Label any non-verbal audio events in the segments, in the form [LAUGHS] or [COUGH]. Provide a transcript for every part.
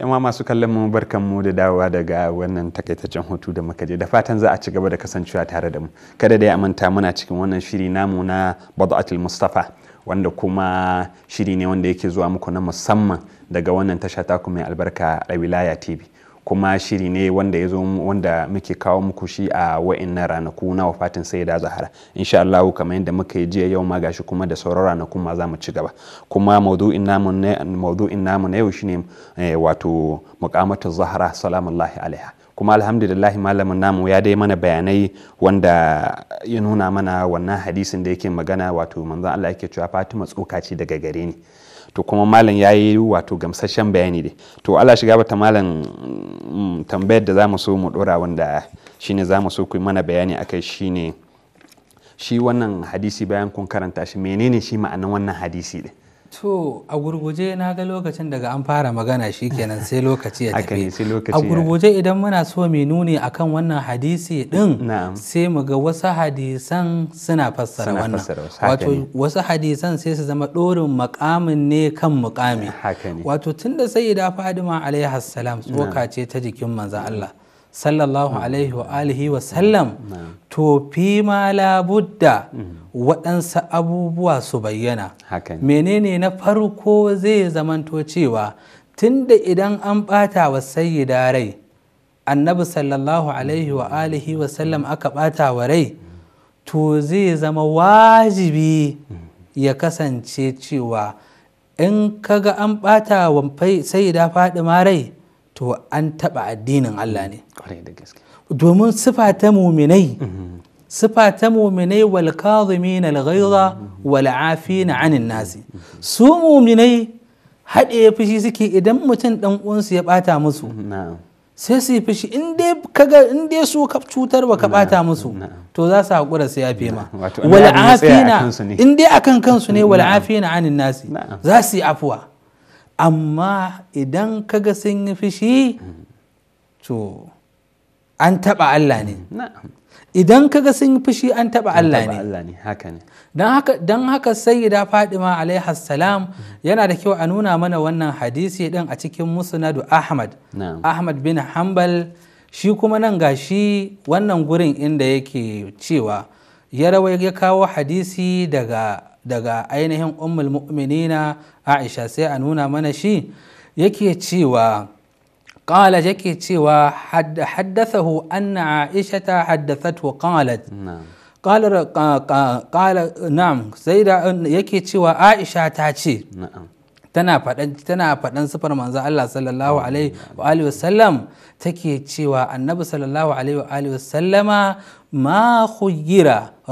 yamma masu kallon mu barkan mu da dawowa daga wannan takaitaccen hutu da muka je da fatan za a ci gaba da kasancewa tare da mu kada da ya manta muna cikin wannan shiri namu na bada'atul mustafa wanda kuma shiri ne wanda yake zuwa muku na musamman daga wannan tasha taku mai albarka a wilaya tv kuma shiri ne wanda ya zo wanda muke kawo muku shi a wa'annan ranaku na wafatin sai da zahara insha Allah kamar yadda muka yi jiya yau ma gashi kuma da sauran ranaku ma za mu ci gaba kuma maudu'in namu maudu'in namu na yau shine eh, wato muqamatu zahara salamullahi alaiha kuma alhamdulillah malamin namu ya dai mana bayanai wanda ya nuna mana wannan hadisin da yake magana wato manzon Allah yake cewa Fatima tsoka ce daga gare ni to kuma malam ya yi wato gamsashen bayani dai to Allah shiga bata malam mm, tambayar da zamu so mu dora wanda shine zamu so ku yi mana bayani akai shine shi wannan hadisi bayan kun karanta shi menene shi ma'anan wannan hadisi din To a gurguje na ga lokacin daga an fara magana shi kenan sai lokaci ya [LAUGHS] tafi. A gurguje idan muna so mai nuni akan wannan hadisi din sai mu ga wasu hadisan suna fassara wannan. Wato wasu hadisan sai su zama ɗorin makamin ne kan mukami. Wato tunda sai da Fadima alaihi salam tsoka ce ta jikin manzan Allah. sallallahu hmm. alaihi wa alihi wa hmm. sallam hmm. to fi ma labudda waɗansu abubuwa su bayyana menene na farko zai zamanto cewa tunda idan an ɓata wa sayyida rai annabi sallallahu alaihi wa alihi wa sallam aka ɓata wa rai to zai zama wajibi ya kasance cewa in kaga an ɓata wa sayyida faɗi ma rai to an taɓa addinin Allah ne domin sufa ta muminai Sufa ta muminai wal kazumi na ghaiza wal na anin nasi su muminai haɗe ya fushi suke idan mutum ɗan uwansu ya ɓata musu sai su yi fushi in dai kaga in dai su ka cutar ka ɓata musu to za su haƙura su yafe ma wal na. in dai akan kansu ne wal na anin nasi za su yi afuwa amma idan kaga sun yi fishi to an taɓa Allah ne idan kaga sun yi fushi an taɓa Allah ne don haka sayyida fadima alaiha salam yana da kyau a nuna mana wannan hadisi din a cikin musnadu ahmad ahmad bin hanbal shi kuma nan gashi wannan gurin inda yake cewa ya rawa ya kawo hadisi daga daga ainihin ummul mu'minina aisha sai a nuna mana shi yake cewa قالت يكي تيوا حد حدثه أن عائشة حدثته قالت نعم قال قال نعم سيدة يكي تيوا عائشة تاتي tana faɗan tana faɗan sifar manzo Allah sallallahu alaihi wa alihi take cewa annabi sallallahu alaihi wa ma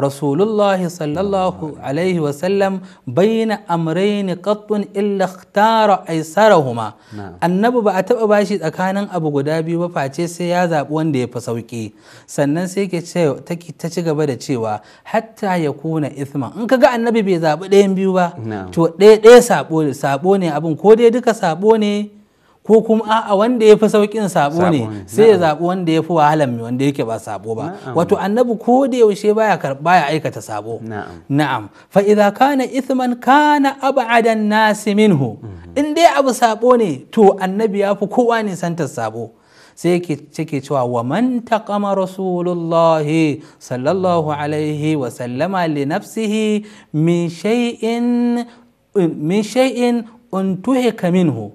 rasulullahi sallallahu alaihi wasallam bayyana amraini qattun illa ikhtara aisarahuma annabi ba a taba bashi tsakanin abu guda biyu ba face sai ya zabi wanda ya fi sauki sannan sai ke ta ci gaba da cewa hatta ya kuna ithman in ga annabi bai zabi ɗayan biyu ba to ɗaya ɗaya sabo ne abin ko dai duka sabo ne ko kuma a wanda yafi saukin sabo ne sai ya zabi wanda yafi fi wahalan mai wanda yake ba sabo ba wato annabi ko da yaushe baya karba ya aikata sabo na'am fa idza kana ithman kana ab'ada an-nas minhu in dai abu sabo ne to annabi yafi kowa ne santar sabo sai yake cewa wa man taqama rasulullahi sallallahu alaihi wa sallama li nafsihi min shay'in min shay'in in tuhika minhu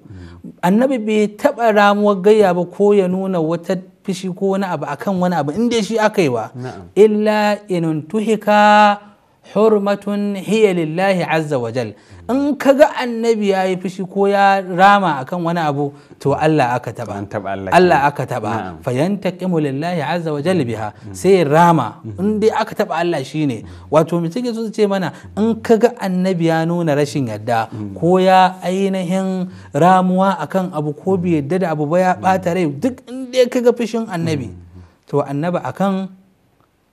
annabi bai taɓa ramuwar gayya ba ko ya nuna wata fishi ko wani abu akan wani abu in shi aka yi wa illa in tuhika hurmatun hiya lillahi azza wa jal in kaga annabi ya yi fushi ko ya rama akan wani abu to Allah aka taba Allah aka taba fa yantaqimu lillahi azza wa jal biha sai rama in dai aka taba Allah shine wato mu cike su ce mana in kaga annabi ya nuna rashin yadda ko ya ainihin ramuwa akan abu ko bai yadda da abu ba ya bata rai duk in dai kaga fushin annabi to annabi akan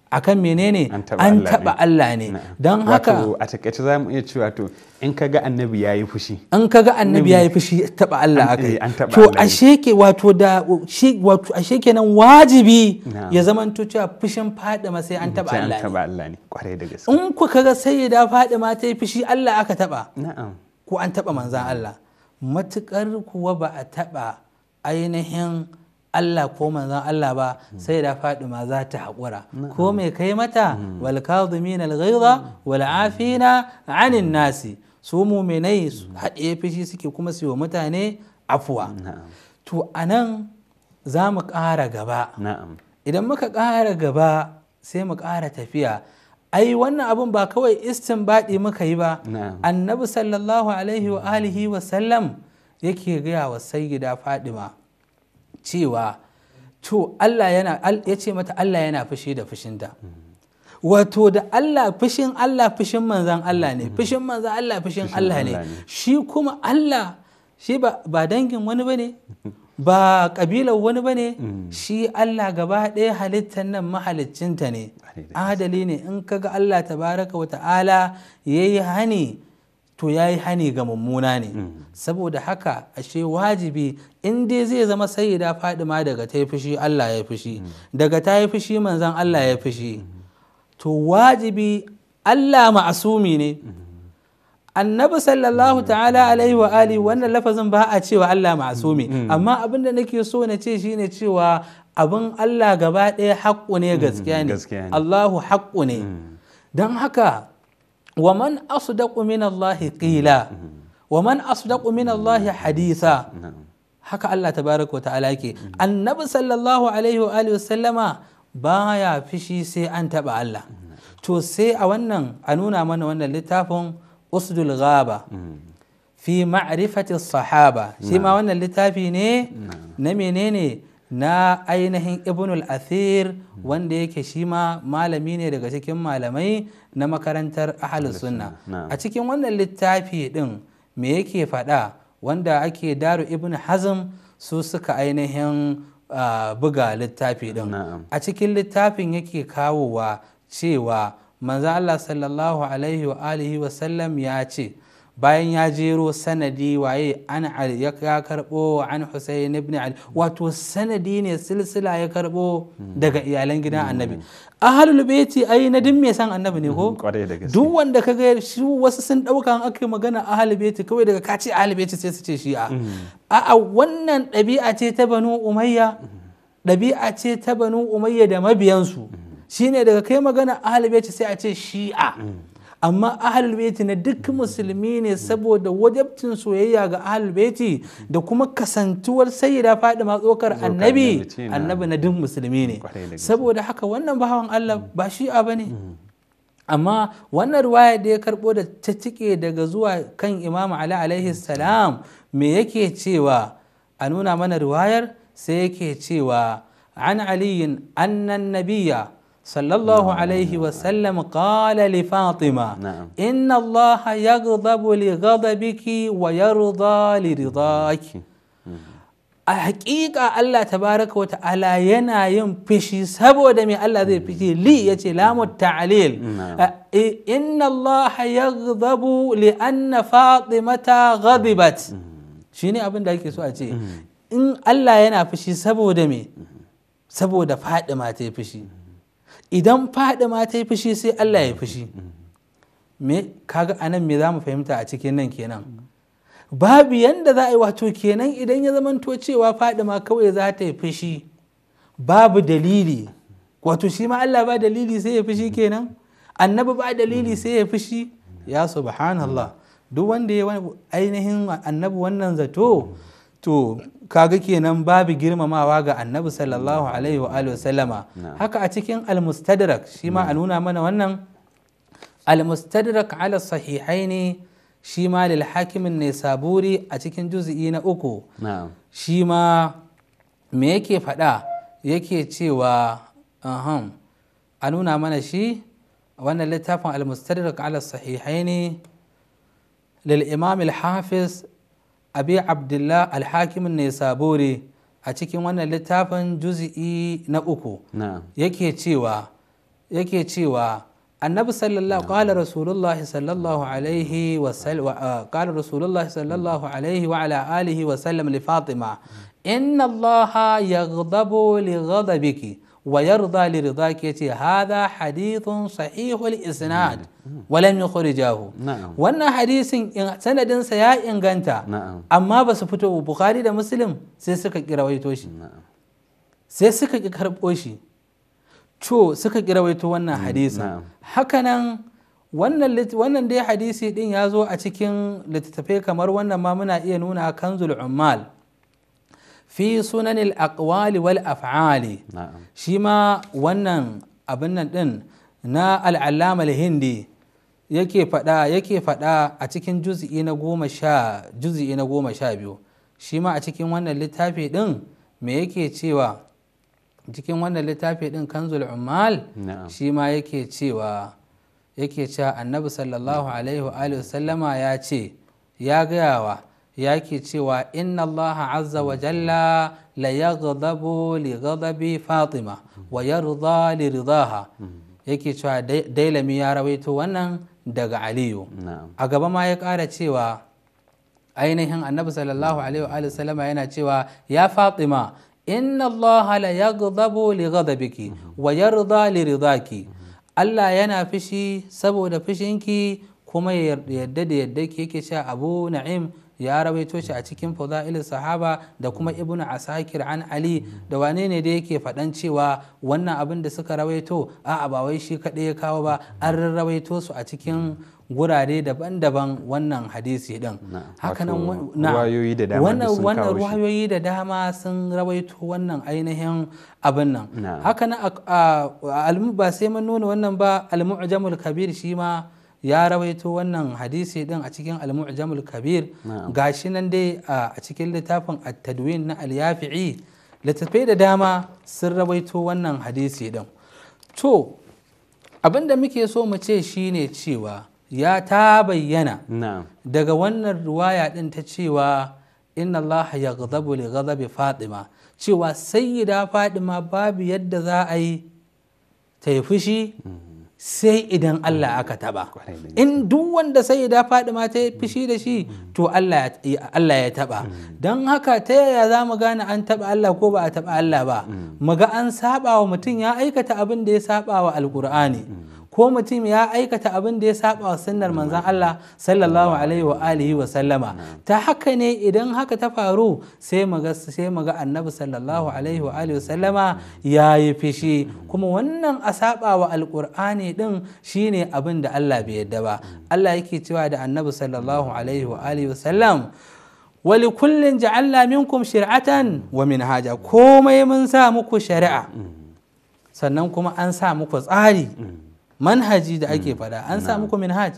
akan menene an taba Allah ne don haka a takaice za mu iya cewa to in ka ga annabi ya yi fushi in ka ga annabi ya yi fushi taba Allah yi eh, to ashe ke wato da shi wato ashe nan wajibi ya zaman to cewa fushin ma sai an mm, taba Allah ne taba Allah ne kwarai da gaske in ku kaga sayyida ma ta yi fushi Allah aka taba na'am ko an taba manzan Allah matukar kuwa ba a taba ainihin Allah ko manzon Allah ba sai da Fadima za ta haƙura ko mai kai mata mm. wal kadhimin al ghayza wal afina anin nasi su muminai haɗe fishi suke kuma su yi wa mutane afuwa to anan za mu ƙara gaba idan muka ƙara gaba sai mu ƙara tafiya ai wannan abun ba kawai baɗi muka yi ba annabi sallallahu alaihi wa alihi wa sallam yake gaya wa sayyida fadima cewa to Allah yana ya ce mata Allah yana fushi da fushinta wato da Allah fushin Allah fushin manzan Allah ne fushin manzan Allah fushin Allah ne shi kuma Allah shi ba dangin wani bane ba kabilar wani bane mm. shi Allah gaba ɗaya halittar nan mahaliccinta ne adali ne in kaga Allah tabaraka wa ta'ala yayi hani to ya yi hani ga mummuna ne mm. saboda haka ashe wajibi in dai zai zama sayida ma daga ta yi fushi allah ya fushi mm. daga ta yi fushi manzan allah ya fushi mm. to wajibi allah ma'asumi ne annabi sallallahu ta'ala alaihi wa ali wannan lafazin ba a cewa allah ma'asumi amma abin da nake so na ce shine cewa abin allah gaba ɗaya haƙƙu ne gaskiya ne allahu haƙƙu ne don haka wa man asdaqu min ƙila wa man asdaqu min hadisa haka Allah tabaraka wa ta'ala yake annabi sallallahu alaihi wa alihi sallama baya fishi sai an taba Allah to sai a wannan a nuna mana wannan littafin usdul ghaba fi ma'rifati sahaba shi ma wannan littafi ne na menene na ainihin ibnul athir wanda yake shi ma malami ne daga cikin malamai na makarantar ahalus sunna a cikin wannan littafi din me yake faɗa wanda ake daru ibn hazm su suka ainihin buga littafi din a cikin littafin yake kawowa cewa manzo Allah sallallahu alaihi wa alihi wa sallam ya ce bayan ya jero sanadi waye an ali ya karbo an husayn ibn ali wato sanadi ne silsila ya karbo daga iyalan gidan annabi ahlul baiti ai na din me san annabi ne ko mm, duk wanda kaga shi wasu sun dauka an aka magana ahlul baiti kawai daga kace ahlul baiti sai su ce shi'a mm. a'a wannan ɗabi'a ce ta banu umayya ɗabi'a ce ta banu umayya da mabiyansu mm. shine daga kai magana ahlul baiti sai a ce shi'a amma ahlul baiti na duk musulmi ne saboda wajabcin soyayya ga ahlul baiti da kuma kasantuwar sayyida fadima tsokar annabi annabi na duk musulmi ne saboda haka wannan bahawan Allah mm. ba shi'a bane mm. amma wannan ruwaya da ya karbo da ta cike daga zuwa kan imam ali alaihi salam me yake cewa a nuna mana ruwayar sai yake cewa an aliyin annan nabiya صلى الله عليه وسلم قال لفاطمة نعم. إن الله يغضب لغضبك ويرضى لرضاك a hakika Allah tabaraka wa ta'ala yana yin fishi saboda mai Allah zai fishi li yace ce lamu ta'alil inna Allah ya zabu li anna fatimata ghadibat shi ne so ace ce in Allah yana fishi saboda me saboda fadima ta yi fishi idan ma ta yi fushi sai Allah ya fushi me kaga anan me za mu fahimta a cikin nan kenan babu yanda za a yi wato kenan idan ya zamanto cewa ma kawai za ta yi fushi babu dalili wato shi ma Allah ba dalili sai ya fushi kenan annabi ba dalili sai ya fushi ya subhanallah duk wanda ya ainihin annabi wannan zato to kaga kenan babu girmamawa ga annabi sallallahu alaihi wa sallama haka a cikin almustadrak shi ma a nuna mana wannan almustadrak ala sahihai ne shi ma lil hakimin ne saburi a cikin juzi'i na uku shi ma me yake faɗa yake cewa a nuna mana shi wannan littafin almustadrak ala sahihai ne lil imam hafiz أبي عبد الله الحاكم النيسابوري أتكلم أن لتابع جزئي نأكو نعم. يكي تشيوا يكي تشيوا النبي صلى الله قال نعم. رسول الله صلى الله عليه وسلم آه، قال رسول الله صلى الله عليه وعلى آله وسلم لفاطمة نعم. إن الله يغضب لغضبك wa yarda li ridaki yace hadha hadithun sahihul isnad hmm. wa lam yukhrijahu wannan hadisin sanadin ya inganta amma ba su fito bukhari da muslim sai suka kirawaito shi sai suka ki karbo wannan hmm, hadisin hakanan wannan dai hadisi din ya zo a cikin littattafai kamar wannan ma muna iya nuna kanzul ummal fi sunanil aqwali wal af'ali shi ma wannan abin nan din na al'allama hindi yake fada yake fada a cikin juzi'i na goma sha na goma sha biyu shi ma a cikin wannan littafi din me yake cewa cikin wannan littafi din kanzul ummal shi ma yake cewa yake cewa annabi sallallahu alaihi wa sallama ya ce ya gayawa yake cewa inna allaha azza wa jalla la yaghdabu li ghadabi fatima wa yarda li ridaha yake cewa dailami ya rawaito wannan daga aliyu a gaba ma ya kara cewa ainihin annabi sallallahu alaihi wa sallama yana cewa ya fatima inna allaha la yaghdabu li ghadabiki wa yarda li ridaki Allah yana fishi saboda fishinki kuma yarda da yadda yake cewa abu na'im ya rawaito shi a cikin fadail sahaba da kuma ibnu asakir an ali da wane ne da yake faɗan cewa wannan abin da suka rawaito a'a ba wai shi kaɗai ya kawo ba an rawaito su a cikin gurare daban-daban wannan hadisi din hakanan wannan ruwayoyi da dama sun rawaito wannan ainihin abin nan hakanan ba sai mun nuna wannan ba al-mu'jamul kabir shi ma ya rawaito wannan hadisi din a cikin al-mu'jamul kabir gashi nan dai a cikin littafin at-tadwin na al-yafi'i littattafai da dama sun rawaito wannan hadisi din to abinda muke so mu ce shine cewa ya ta bayyana daga wannan ruwaya din ta cewa inna Allah ya gazabu li gazabi Fatima cewa sayyida Fatima babu yadda za a yi ta yi fushi mm. sai idan Allah aka taba in duk wanda sai da faɗi ma ta fishi da shi to Allah ya taba don haka ta yaya za mu gane an taba Allah ko ba a taba Allah ba mu ga an saba wa mutum ya aikata abin da ya saba wa alkur'ani ko mutum ya aikata abin da ya saba wa sunnar manzan Allah sallallahu alaihi wa alihi wa sallama ta haka ne idan haka ta faru sai muga sai muga annabi sallallahu alaihi wa alihi wa sallama yayi fishi kuma wannan a saba wa alqur'ani din shine abin da Allah bai yadda ba Allah yake cewa da annabi sallallahu alaihi wa alihi wa sallam wali kullin ja'alla minkum shir'atan wa minhaja komai mun sa muku shari'a sannan kuma an sa muku tsari manhaji da ake mm. faɗa an sa muku minhaj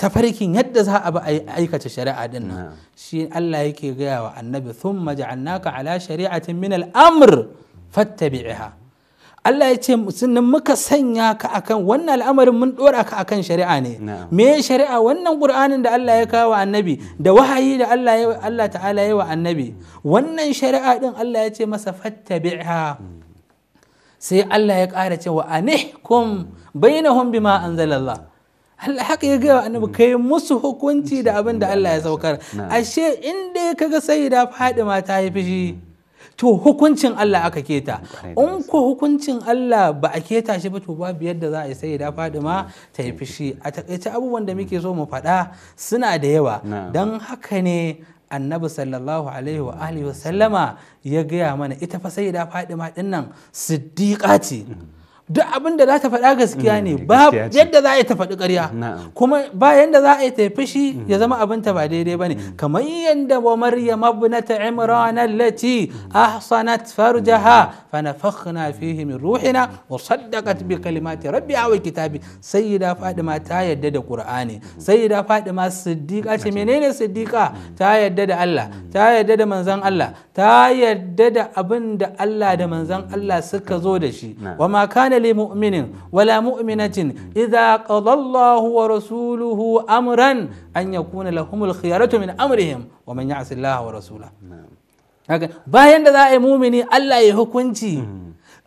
tafarkin yadda za a bi aikata shari'a din nan shi Allah yake gaya wa annabi thumma ja'alnaka ala shari'atin min al-amr Allah ya ce sannan muka sanya ka akan wannan al'amarin mun dora ka akan shari'a ne me shari'a wannan qur'anin da Allah ya kawo annabi da wahayi da Allah ya Allah ta'ala ya wa annabi wannan shari'a din Allah ya ce masa fattabi'ha mm. sai Allah ya ƙara cewa bi ma an zalalla Allah haka ya gaya annabi kai musu hukunci da abin da Allah ya saukar ashe inda ya kaga saida Fadima ta yi fishi to hukuncin Allah aka keta in ku hukuncin Allah ba a keta shi ba to babu yadda za a yi sayyida Fadima ta yi fishi a takaice abubuwan da muke so mu faɗa suna da yawa don haka ne annabi sallallahu alaihi wa alihi wa sallama ya gaya mana ita fa sai da faɗi ma nan siddiƙa ce duk abin da za ta faɗa gaskiya ne mm, ba yadda za a yi ta faɗi ƙarya kuma ba yadda za a yi ta fushi ya zama mm-hmm. abin ta ba daidai ba ne mm-hmm. kamar yadda wa maryam ibnata imran mm-hmm. allati ahsanat farjaha fa nafakhna fihi min ruhina wa saddaqat bi kalimati rabbiha wa kitabi sayyida fadima ta yadda da qur'ani sayyida fadima siddiqa ce menene siddiqa ta yadda da Allah ta yadda da manzon Allah ta yadda da abin da Allah da manzon Allah suka zo da shi wa ma kana لمؤمن ولا مؤمنة إذا قضى الله ورسوله أمرا أن يكون لهم الخيارة من أمرهم ومن يعص الله ورسوله bayan da za a yi mumini Allah ya hukunci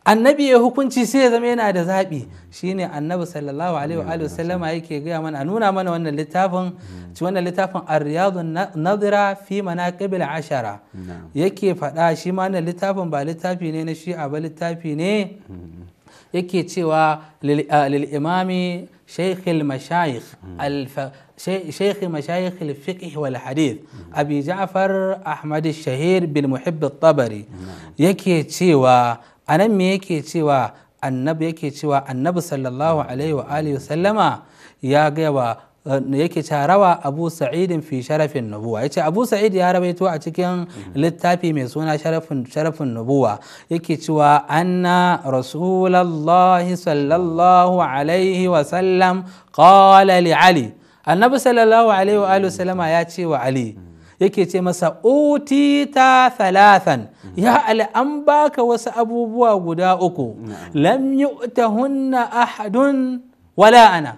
annabi ya hukunci sai ya zama yana da zaɓi shine annabi sallallahu alaihi wa sallama yake gaya mana a nuna mana wannan littafin ci wannan littafin ar-riyadu nadira fi manaqib ashara yake faɗa shi ma littafin ba littafi ne na shi'a ba littafi ne yake cewa lil imami shaykh al mashayikh شيخ مشايخ الفقه والحديث أبي جعفر أحمد الشهير بالمحب الطبري يكي تشيوا أنا يكي تشيوا النبي يكي تشيوا النبي صلى الله عليه وآله وسلم يا جوا yake tarawa abu sa'idin fi sharafin nubuwa yace abu sa'id ya rawaito a cikin littafi mai suna sharafin sharafin nubuwa yake cewa anna rasulallah sallallahu alaihi wa sallam qala li ali annabi sallallahu alaihi wa alihi ya ce wa ali yake ce masa ta thalathan ya ali an baka wasu abubuwa guda uku lam yu'tahunna ahadun wala ana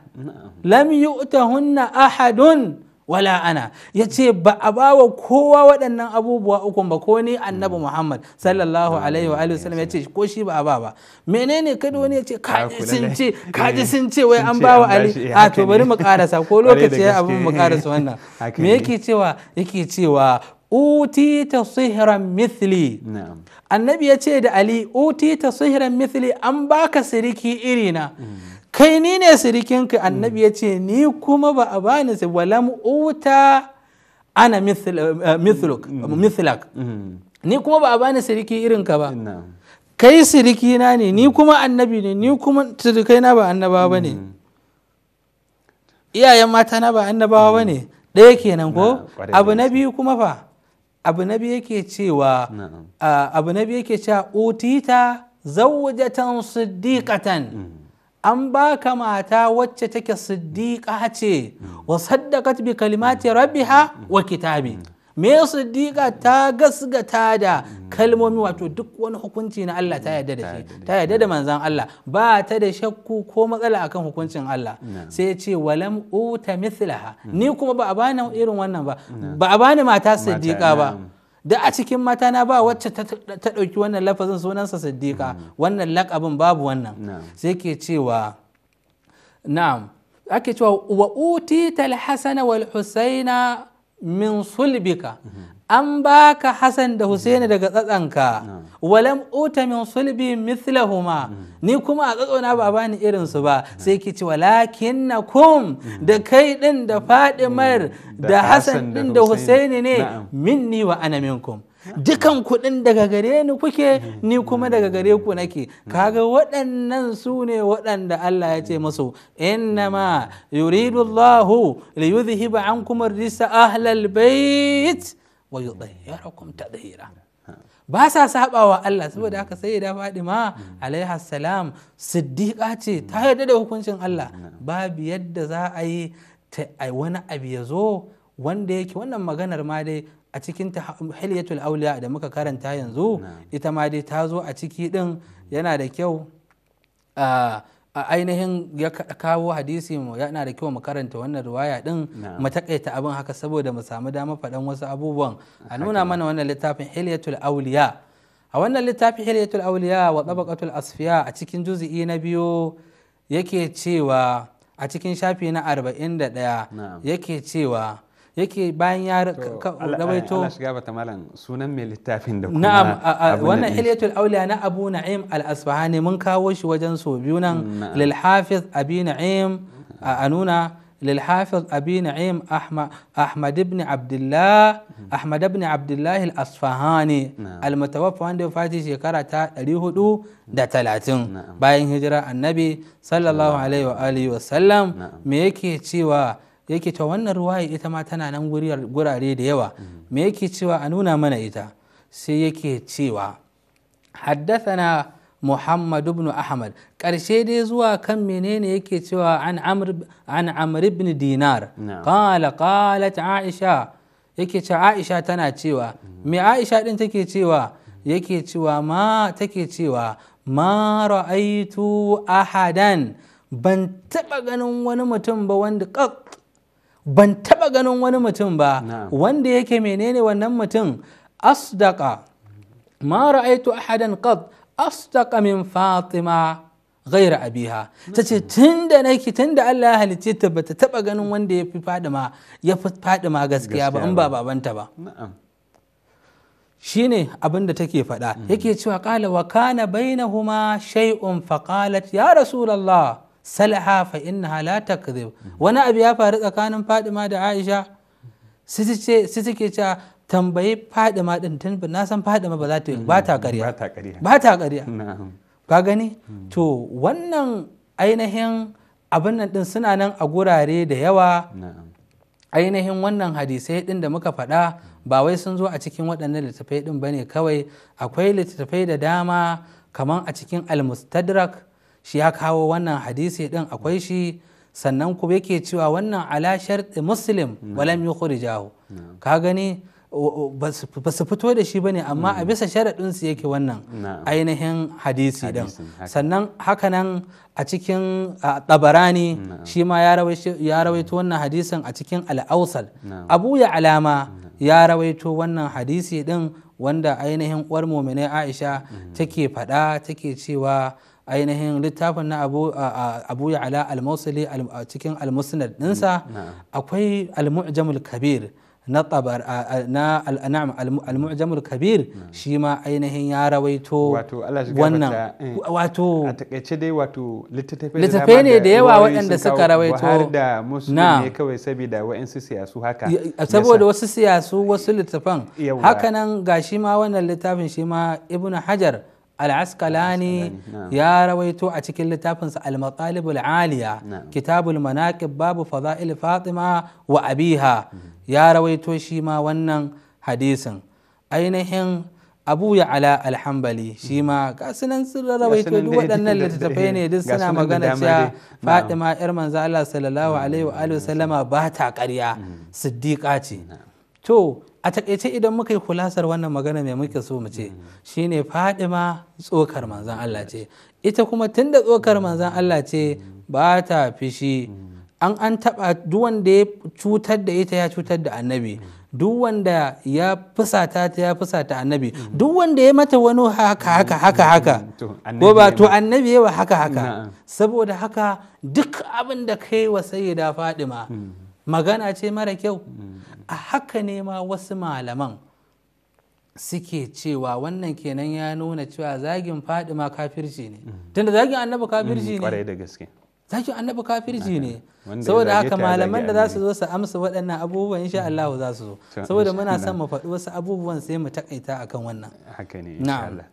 lam yu'tahunna ahadun wala ana ya ce ba a bawa kowa waɗannan abubuwa uku ba ko ni annabi muhammad sallallahu alaihi wa sallam ya ce ko shi ba a ba ba menene kada wani ya ce [LAUGHS] kaji ce sun ce wai an bawa ali a to bari mu karasa ko [LAUGHS] lokaci ya abin mu karasa wannan [LAUGHS] me yake cewa yake cewa ta sihiran annabi ya ce da ali ta sihiran mithli an baka siriki na. kai ni ne sirikinka hmm. annabi ya ce ni kuma ba a bani sai walam uta ana eh, hmm. Hmm. mithlak ni kuma ba a bani siriki irin ka ba kai siriki na ne ni kuma annabi ne ni kuma sirikai na ba annaba ba ne iyayen mata na ba annabawa ba ne ɗaya kenan ko abu na biyu kuma fa abu na biyu yake cewa ah, abu na biyu yake cewa utita zawjatan siddiqatan an baka mata wacce take siddiƙa ce wa saddaqat bi kalimati rabbiha wa kitabi me siddiƙa ta gasgata da kalmomi wato duk wani hukunci na Allah ta yarda da shi ta yarda da manzan Allah ba ta da shakku ko matsala akan hukuncin Allah sai ce walam uta mithlaha mm. ni kuma ba a bani irin wannan ba ba a bani mata siddiqa ba da a cikin matana ba wacce ta ɗauki wannan lafazin sunansa siddiqa mm-hmm. wannan laƙabin babu wannan sai ke cewa na'am ake cewa wa utita alhasana wal husaina min sulbika an baka hasan da Husaini daga tsatsanka walam uta min sulbi mithlahuma ni kuma a na ba a bani irin su ba sai ki ci walakin na kum mm-hmm. da kai din da Fadimar mm-hmm. da hasan din da Husaini ne minni wa ana minkum dukan kuɗin daga gare ni kuke ni kuma daga gare ku nake kaga waɗannan su ne waɗanda Allah ya ce musu innama yuridu Allahu li yudhhiba ankum ar-risa ahlal bait wa ba sa sabawa Allah saboda haka sai da Fadima alaiha salam siddiqa ce ta yarda da hukuncin Allah babu yadda za a yi wani abu ya zo wanda yake wannan maganar ma dai a cikin hilyatul auliya da muka karanta yanzu ita ma dai ta zo a ciki din yana da kyau a ainihin ya kawo hadisi yana da kyau mu karanta wannan riwaya din mu takaita abin haka saboda mu samu dama faɗan wasu abubuwan a nuna mana wannan littafin hilyatul auliya a wannan littafin hilyatul auliya wa tabaqatul asfiya a cikin juzi'i na biyu yake cewa a cikin shafi na 41 yake cewa yake bayan ya rawaito Allah shiga bata malam sunan mai littafin da kuma na'am wannan ilyatul auliya na Abu Na'im al-Asfahani mun kawo shi wajen so biyu nan lil Hafiz Abi Na'im a nuna lil Hafiz Abi Na'im Ahmad ibn Abdullah hmm. Ahmad ibn Abdullah al-Asfahani al-mutawaffa wanda ya fati shekara ta 430 bayan hijira annabi sallallahu alaihi wa alihi wa sallam me yake cewa yake ta wannan ruwaya ita ma tana nan gurare da yawa me yake cewa a nuna mana ita sai yake cewa haddathana muhammad ibn ahmad ƙarshe dai zuwa kan menene yake cewa an amr ibn dinar qala qalat aisha yake cewa aisha tana cewa mm. me aisha din take cewa yake cewa ma take cewa ma ra'aitu ahadan ban taɓa ganin wani mutum ba wanda ƙaƙ ban taba ganin wani mutum ba wanda yake menene wannan mutum asdaqa ma ra'aitu ahadan qad asdaka min fatima gaira abiha Tace ce tun da nake tun da Allah ya halicce ta bata taba ganin wanda ya fi fadima ya fi fadima gaskiya ba in ba babanta ba shine abin da take faɗa mm-hmm. yake cewa qala wa kana bainahuma shay'un fa qalat ya rasulullah salha fa innaha la takzib wani abu ya faru tsakanin Fadima da Aisha su suke ce tambayi Fadima din tun na san Fadima ba za ta mm, ba ta ƙarya ba ta ƙarya ka gani mm. to wannan ainihin abin nan din suna nan a gurare da yawa ainihin wannan hadisai din da muka faɗa ba wai sun zo a cikin waɗannan littattafai din bane kawai akwai littattafai da dama kamar a cikin al-mustadrak shi ya kawo wannan hadisi din akwai shi sannan kuma yake cewa wannan ala sharti muslim walam yukhrijahu ka gani ba su fito da shi ba ne amma a bisa sharaɗin su yake wannan ainihin hadisi din sannan hakanan a cikin tabarani shi ma ya rawaito wannan hadisin a cikin al'ausal abu ya alama ya rawaito wannan hadisi din wanda ainihin uwar muminai aisha mm. take fada take cewa ainihin littafin na abu ya ala al-mausili cikin al-musnad ɗinsa mm, akwai al-mu'jamul kabir na tabar na al'anam al-mu'jamul kabir mm. shi ma ainihin ya rawaito wannan eh, wato a takaice dai wato littattafai ne da yawa waɗanda suka rawaito har da musulmi ne kawai saboda waɗansu siyasu haka saboda wasu siyasu wasu littafan hakanan gashi ma wannan littafin shi ma ibnu hajar al'askalani ya rawaito a cikin littafinsa al-matsalibul aliya kitabul manaqib babu fada'il fatima wa abiha mhm. ya rawaito shi wannan hadisin ainihin abu ya ala alhambali mhm. shi ma kasunan sun duk waɗannan littattafai ne duk suna magana cewa fatima yar manzo Allah sallallahu alaihi wa sallama ba ta ƙarya mhm. siddiqa ce to a takaice idan muka yi kulasar wannan magana mai muke so mu ce shine fadima tsokar manzan Allah ce ita kuma tun da tsokar manzan Allah ce ba ta fishi an an taba duk wanda ya cutar da ita ya cutar da annabi duk wanda ya fusata ta ya fusata annabi duk wanda ya mata wani haka haka haka haka ko ba to annabi yawa haka haka saboda haka duk abin da kai wa sayyida fadima hmm. magana ce mara kyau hmm. a haka ne ma wasu malaman suke cewa wannan kenan ya nuna cewa zagin ma kafirci ne mm. tunda zagin annabi kafirci mm, ne da gaske zagin annabi kafirci ne saboda haka malaman da za su zo su amsa waɗannan abubuwan insha mm. Allah za su zo saboda muna son mu faɗi wasu abubuwan sai mu takaita akan wannan haka ne insha allah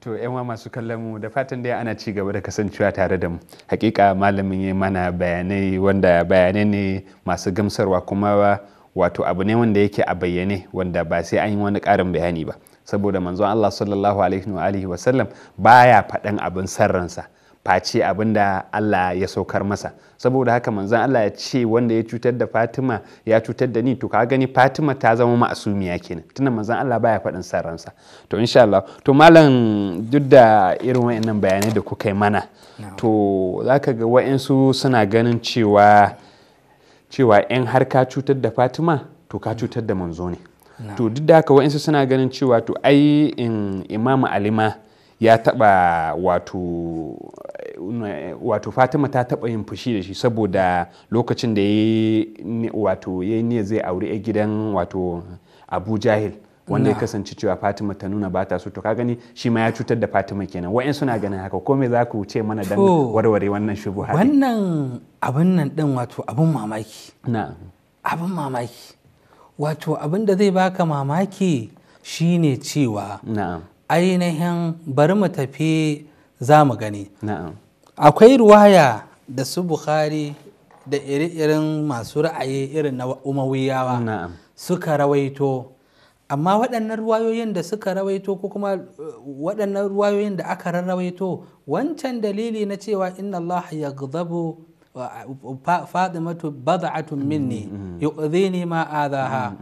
to yanwa masu kallon mu da fatan dai ana ci gaba da kasancewa tare da mu hakika malamin ya mana bayanai wanda bayanai ne masu gamsarwa kuma wato abu ne wanda yake a bayyane wanda ba sai an yi wani ƙarin bayani ba saboda manzon Allah sallallahu alaihi wa alihi baya faɗan abin sarransa face abin da Allah ya saukar masa saboda haka manzon Allah ya ce wanda ya cutar da Fatima ya cutar da ni to ka gani Fatima ta zama ma'asumiya kenan tunda manzon Allah baya faɗin sarransa to insha Allah to malam duk da irin wayannan bayanai da kuka yi mana to zaka ga wayansu suna ganin cewa cewa yan har ka cutar da fatima to ka cutar da manzo ne to duk da haka wa'insu suna ganin cewa to ai imamu alima ya taba wato wato fatima ta taba yin fushi da shi saboda lokacin da ya yi wato ya yi ne zai auri a gidan wato abu jahil wanda ya kasance cewa Fatima ta nuna ba ta so to ka gani shi ma ya cutar da Fatima kenan wa'in suna ganin haka ko me za ku ce mana dan warware wannan wannan abin nan din wato abin mamaki na abin mamaki wato abin da zai baka mamaki shine cewa na'am ainihin bari mu tafi za mu gani na'am akwai ruwaya da su Bukhari da iri-irin masu ra'ayi irin na umawiyawa suka rawaito amma waɗannan ruwayoyin da suka rawaito ko kuma eh, waɗannan ruwayoyin da aka rarrawaito wancan dalili na cewa inna Allah ya gudabu fadimatu bada'atun minni mm, mm, mm. yu'dhini ma adaha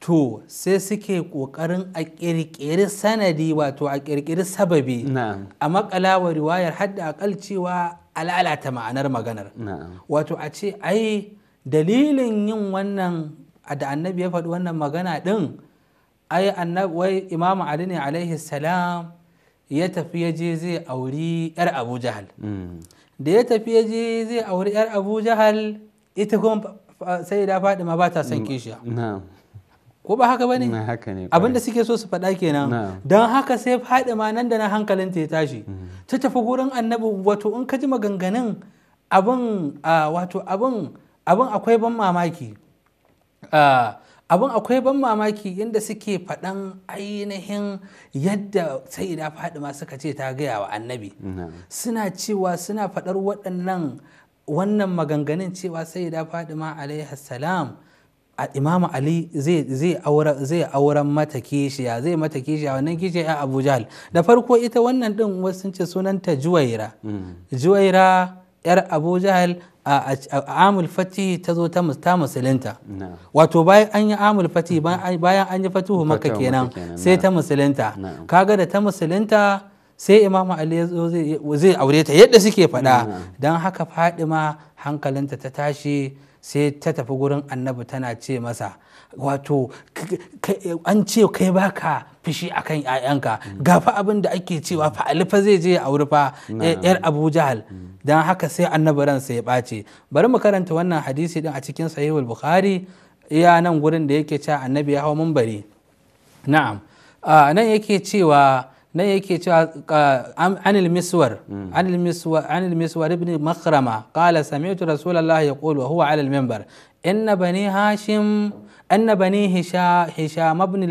to sai suke ƙoƙarin a ƙirƙiri sanadi wato a ƙirƙiri sababi a makala wa riwayar hadda kalcewa cewa alalata ma'anar maganar wato a ce ai dalilin yin wannan da annabi ya faɗi wannan magana ɗin ai annabi wai imamu ali ne alaihi salam ya tafi ya je zai auri yar abu jahal mm. da ya tafi ya je zai auri yar abu jahal ita kuma sai da faɗi ma ba ta son mm. kishiya ko ba haka bane abinda suke so su faɗa kenan don haka sai faɗi ma nan da na hankalin ta ya tashi mm. ta tafi gurin annabi wato in ka ji maganganun abin ah, wato abin abin akwai ban mamaki ah, abin akwai ban mamaki yadda suke faɗan ainihin yadda sai ina fadima suka ce ta gaya wa annabi suna cewa suna faɗar waɗannan wannan maganganun cewa sai ina fadima alaihi salam a imamu ali zai auren mata kishiya zai mata kishiya wannan kishiya a abu da farko ita wannan ɗin wasu ce sunanta juwaira mm. juwaira 'yar abu jahal a amul fati ta zo ta musulunta wato bayan an yi amul fati bayan an yi fatuhu maka kenan sai ta musulunta kaga da ta musulunta sai imam ali zai aure ta yadda suke faɗa don haka fadima hankalinta ta tashi sai ta tafi gurin annabi tana ce masa wato an ce kai baka fishi akan ‘ya'yanka gafa abin da ake cewa fa alifa zai je a wuri fa yar abu jahal mm. don haka sai annabi ransa ya bace bari mu karanta wannan hadisi din a cikin sahihul bukhari iya nan gurin da yake cewa annabi ya hau mambari na'am nan yake cewa نيكي عن المسور عن المسور عن المسور ابن مخرمة قال سمعت رسول الله يقول وهو على المنبر إن بني هاشم إن بني هشام ابن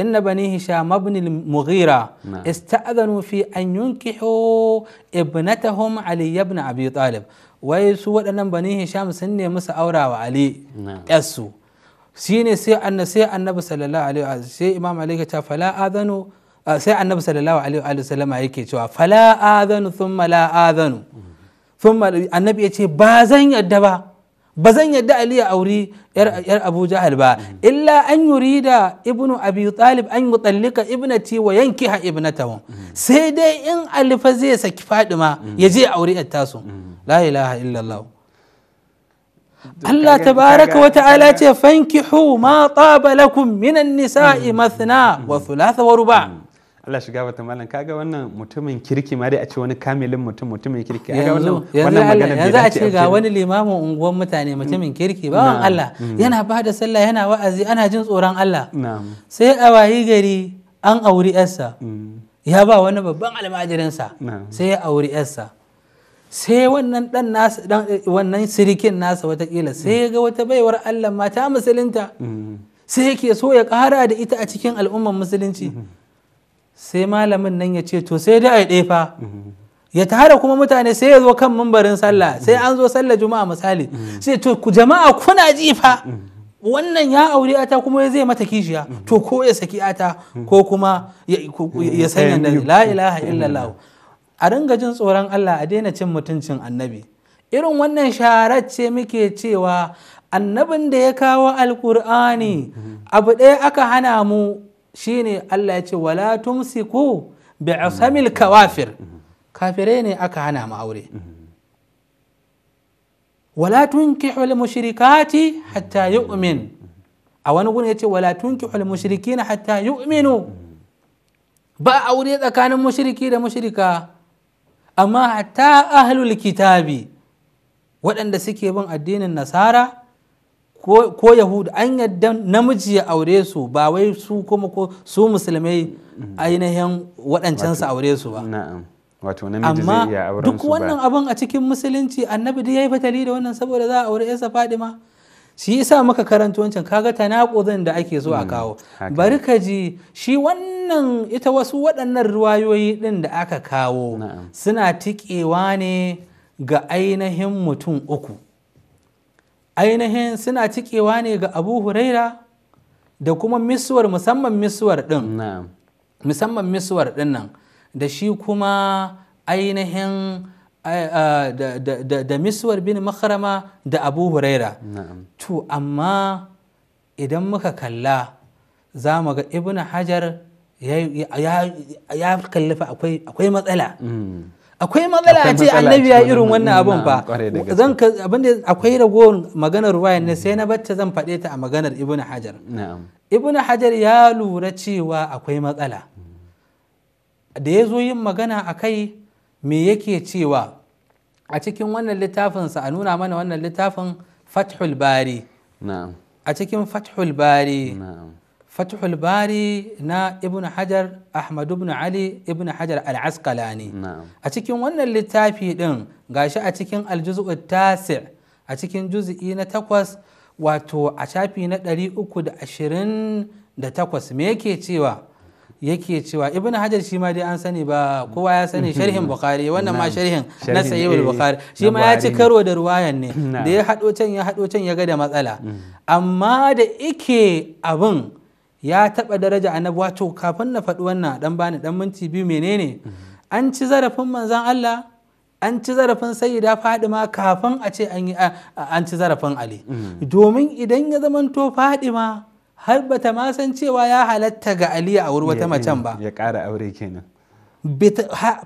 إن بني هشام ابن المغيرة نعم. استأذنوا في أن ينكحوا ابنتهم علي بن أبي طالب ويسوى أن بني هشام سنة مس أورا وعلي نعم. أسو سيني سي أن سي النبي صلى الله عليه وسلم سي إمام عليه فلا أذنوا Ah, sai annabi sallallahu alaihi wa sallama yake cewa fala adhanu thumma la adhanu thumma annabi yace ba zan yadda ba ba zan yadda Ali ya auri yar Abu Jahal ba illa an yurida ibnu Abi Talib an yutallika ibnati wa yankiha ibnatahu sai dai in Ali zai saki Fadima ya je auri yar tasu la ilaha illallah Allah tabaraka wa ta'ala ce fankihu ma taba lakum minan nisa'i mathna wa thulatha wa ruba' Allah shiga ta malam kaga wannan mutumin kirki ma dai a ce wani kamilin mutum mutumin kirki kaga wannan wannan magana bai yanzu a ce ga wani limamin unguwan mutane mutumin kirki bawan Allah mm. yana bada sallah yana wa'azi ana jin tsoron Allah sai a wayi gari an auri yarsa mm. ya ba wani babban almajirinsa sai ya auri yarsa sai wannan dan nasa dan wannan sirikin nasa watakila sai ya ga wata baiwar Allah mata musulunta mm. sai yake so ya kara da ita a cikin al'ummar musulunci sai malamin nan ya ce to sai dai a ɗefa. ya tare kuma mutane sai ya zo kan mambarin sallah mm-hmm. sai an zo sallah juma'a misali mm-hmm. sai to ku jama'a kuna ji mm-hmm. wannan ya aure ata kuma ya zai mata kishiya to ko ya saki ata ko kuma ya sanya da la ilaha illallah a ringa jin tsoron Allah a daina cin mutuncin annabi irin wannan sharar ce muke cewa annabin da ya kawo alkur'ani abu ɗaya aka hana mu shine Allah ya ce wala tumsiku bi asamil kawafir kafire ne aka hana mu aure wala tunkihu al mushrikati hatta yu'min a wani gun yace wala tunkihu al mushrikina hatta yu'minu ba aure tsakanin mushriki da mushrika amma hatta ahlul kitabi waɗanda suke bin addinin nasara ko yahudu an yadda namiji ya aure su ba wai su kuma ko su musulmai ainihin waɗancan su aure su ba wato duk wannan abin a cikin musulunci annabi da yayi fatali da wannan saboda za a aure yarsa Fadima shi yasa muka karanta wancan kaga tanaqudin da ake so a mm, kawo bari ka ji shi wannan ita wasu waɗannan ruwayoyi din da aka kawo suna tikewa ne ga ainihin mutum uku ainihin suna cikewa ne ga abu huraira da kuma misuwar musamman misuwar ɗin musamman misuwar din nan da shi kuma ainihin da misuwar bin makarama da abu huraira to amma idan muka kalla za mu ga ibn hajar ya kallafa akwai matsala mm. akwai matsala a ce annabi ya irin wannan abun fa akwai ragowar maganar wayan ne sai na bacci zan faɗe ta a maganar ibnu hajar ibnu hajar ya lura cewa akwai matsala da ya zo yin magana a kai me yake cewa a cikin wannan littafinsa a nuna mana wannan littafin fathul bari a cikin fathul bari fathul bari na ibn hajar ahmad ibn ali ibn hajar al-asqalani a cikin wannan littafi din gashi a cikin aljuz'u tasi a cikin juz'i na takwas wato a shafi na 328 me yake cewa yake cewa ibn hajar shi ma dai an sani ba kowa ya sani [LAUGHS] sharhin bukhari wannan ma sharhin na sayyidul eh, bukhari shi ma ya ci karo da ruwayan ne da ya hado can ya hado can ya ga da matsala mm. amma da ike abin ya taɓa daraja annabi wato kafin na faɗi wannan dan bani dan minti biyu menene mhm. an ci zarafin manzan Allah an ci zarafin sayyida fadima kafin a ce an ci zarafin ali mhm. domin idan ya zamanto fadima har bata ma san cewa ya halatta ga ali a wuri wata macen ba ya ƙara aure kenan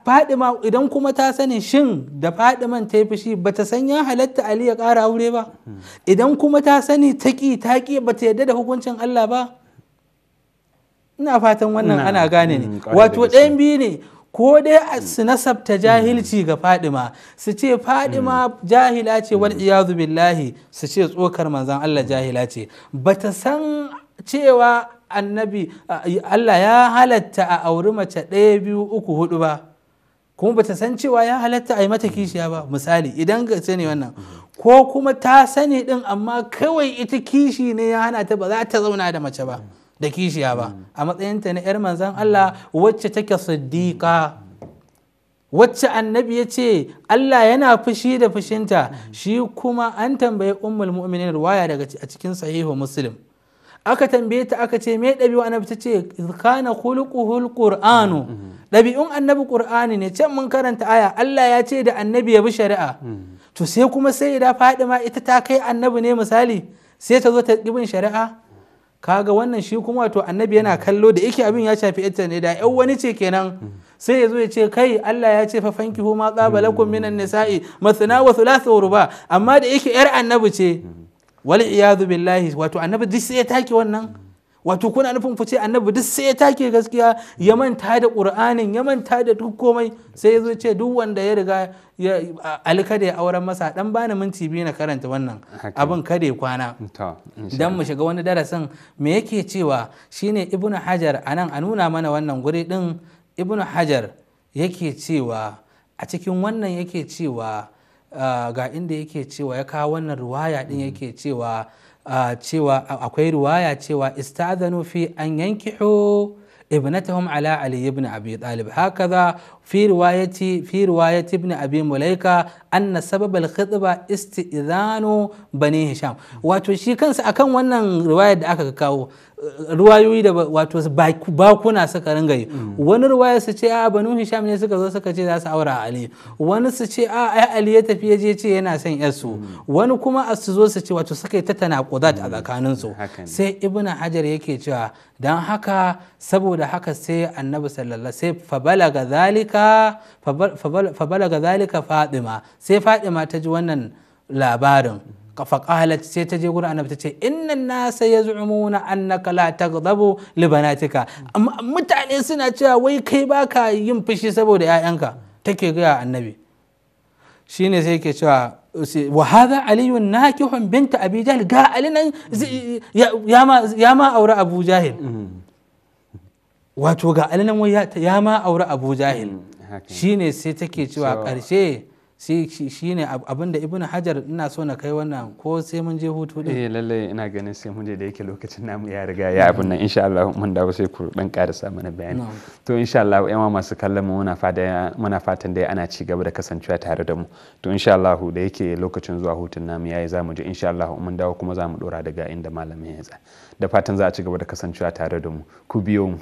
fadima idan kuma ta sani shin da fadiman ta yi fushi bata san ya halatta ali ya kara aure ba mhm. idan kuma ta sani taƙi taƙi bata yarda da hukuncin allah ba ina fatan wannan ana gane ne mm, wato ɗayan biyu ne ko dai mm. su nasabta jahilci mm. ga fadima su ce fadima jahila ce wal iyazu billahi su ce tsokar manzan Allah jahila ce bata san cewa annabi Allah ya halatta a auri mace ɗaya biyu uku hudu ba kuma bata san cewa ya halatta a yi mata kishiya ba misali idan ga ne wannan ko kuma ta sani din amma kawai ita kishi ne ya hana ta ba za ta zauna da mace ba da kishiya ba a matsayinta na 'yar manzan Allah wacce take siddiqa wacce annabi ya ce Allah yana fushi da fushinta shi kuma an tambayi ummul mu'minin ruwaya daga a cikin sahihu muslim aka tambaye ta aka ce me ɗabi'u annabi ta ce kana khuluquhul qur'anu ɗabi'un annabi qur'ani ne can mun karanta aya Allah ya ce da annabi ya bi shari'a to sai kuma sai da Fadima ita ta kai annabi ne misali sai ta zo ta bin shari'a kaga wannan shi kuma wato annabi yana kallo da yake abin ya shafi ita ne da yan wani ce kenan sai ya zo ya ce kai Allah ya ce fa fankihu ma qabalakum minan nisa'i mathna wa thulatha ruba amma da yake yar annabi ce wal iyadu billahi wato annabi duk sai ya take wannan wato kuna nufin ku annabi duk sai ya take gaskiya ya manta da qur'anin ya manta da duk komai sai ya zo ce duk wanda ya riga ya alkada ya auren masa dan bani minti biyu na karanta wannan abin kada ya kwana dan mu shiga wani darasin me yake cewa shine ibnu hajar anan a nuna mana wannan guri din ibnu hajar yake cewa a cikin wannan yake cewa ah, ga inda yake cewa ya kawo wannan ruwaya din mm. yake cewa cewa akwai riwaya cewa istadhanu fi an yankihu ibnatahum ala ali ibn abi talib hakaza في رواية في رواية ابن أبي مليكة أن سبب الخطبة استئذان بني هشام wato shi kansa akan wannan riwayar da aka kawo ruwayoyi da wato bakuna suka ringa yi mm. wani ruwaya su ce a banu hisham ne suka zo suka ce za su aura ali wani su ce a ali ya tafi je yana son yarsu mm. wani kuma a su zo su ce wato suka yi ta tanakudat a mm. tsakaninsu sai ibnu hajar yake cewa dan haka saboda haka sai annabi sallallahu sai fa balaga zalika ta fabalaga zalika fadima sai fadima ta ji wannan labarin faƙalat sai ta je guri annabi ta ce innan nasa ya zu'umuna annaka la taghdabu li banatika mutane suna cewa wai kai baka yin fushi saboda 'ya'yanka take gaya annabi shine sai yake cewa wa hadha aliyun nakihun binta abi jahl ga alinan ya ma aure abu jahil mm-hmm. wato ga alinan wai ya ma aure abu jahil mm-hmm. shine sai take cewa ƙarshe ne abinda Ibn hajar ina so na kai wannan ko sai mun je hutu din eh lalle ina ganin sai mun je da yake lokacin namu ya riga ya abin nan insha Allah mun dawo sai ku dan karasa mana bayani to insha Allah yawa masu kallon mu muna fata muna fatan dai ana ci gaba da kasancewa tare da mu to insha Allah da yake lokacin zuwa hutun namu yayi mu je insha Allah mun dawo kuma za mu dora daga inda malamin ya tsaya da fatan za a ci gaba da kasancewa tare da mu ku biyo mu